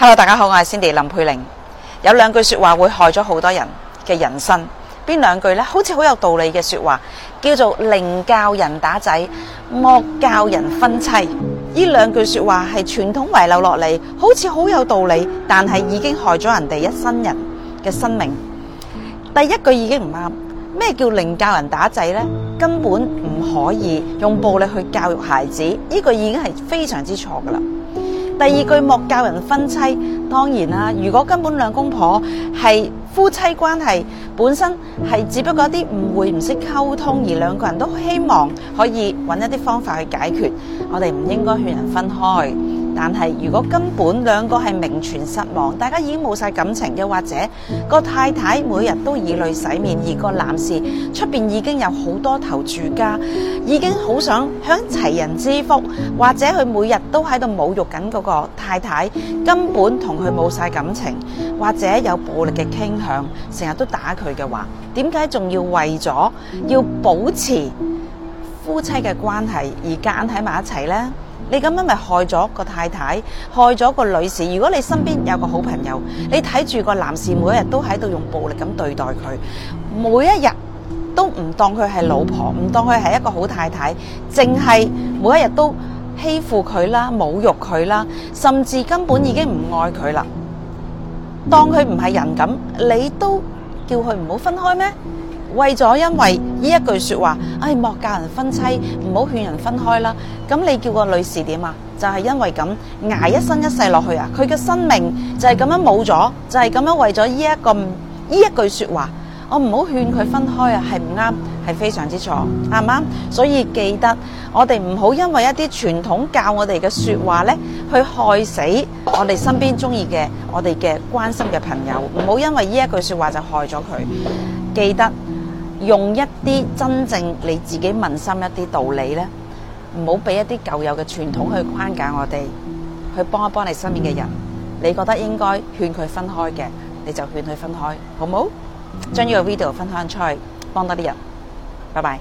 hello，大家好，我係 Cindy 林佩玲。有兩句說話會害咗好多人嘅人生，邊兩句呢？好似好有道理嘅說話，叫做寧教人打仔，莫教人分妻。呢兩句說話係傳統遺留落嚟，好似好有道理，但係已經害咗人哋一生人嘅生命。第一句已經唔啱，咩叫寧教人打仔呢？根本唔可以用暴力去教育孩子，呢句已經係非常之錯噶啦。第二句莫教人分妻，當然啦。如果根本兩公婆係夫妻關係，本身係只不過啲誤會，唔識溝通，而兩個人都希望可以揾一啲方法去解決，我哋唔應該勸人分開。但係，如果根本兩個係名存實亡，大家已經冇曬感情嘅，或者個太太每日都以淚洗面，而個男士出邊已經有好多頭住家，已經好想享齊人之福，或者佢每日都喺度侮辱緊嗰個太太，根本同佢冇曬感情，或者有暴力嘅傾向，成日都打佢嘅話，點解仲要為咗要保持夫妻嘅關係而揀喺埋一齊呢？你咁樣咪害咗個太太，害咗個女士。如果你身邊有個好朋友，你睇住個男士每一日都喺度用暴力咁對待佢，每一日都唔當佢係老婆，唔當佢係一個好太太，淨係每一日都欺負佢啦，侮辱佢啦，甚至根本已經唔愛佢啦，當佢唔係人咁，你都叫佢唔好分開咩？為咗因為呢一句說話，哎莫教人分妻，唔好勸人分開啦。咁你叫個女士點啊？就係因為咁捱一生一世落去啊，佢嘅生命就係咁樣冇咗，就係咁樣為咗呢一個呢一句說話，我唔好勸佢分開啊，係唔啱，係非常之錯，啱唔啱？所以記得我哋唔好因為一啲傳統教我哋嘅說話咧，去害死我哋身邊中意嘅我哋嘅關心嘅朋友，唔好因為呢一句說話就害咗佢。記得。用一啲真正你自己問心一啲道理咧，唔好俾一啲舊有嘅傳統去框架我哋，去幫一幫你身邊嘅人。你覺得應該勸佢分開嘅，你就勸佢分開，好唔好？將呢個 video 分享出去，幫多啲人。拜拜。